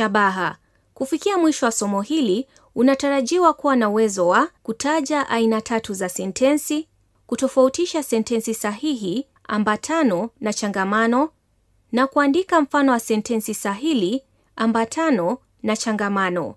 Shabaha. Kufikia mwisho wa somo hili, unatarajiwa kuwa na uwezo wa kutaja aina tatu za sentensi, kutofautisha sentensi sahihi, ambatano na changamano, na kuandika mfano wa sentensi sahili, ambatano na changamano.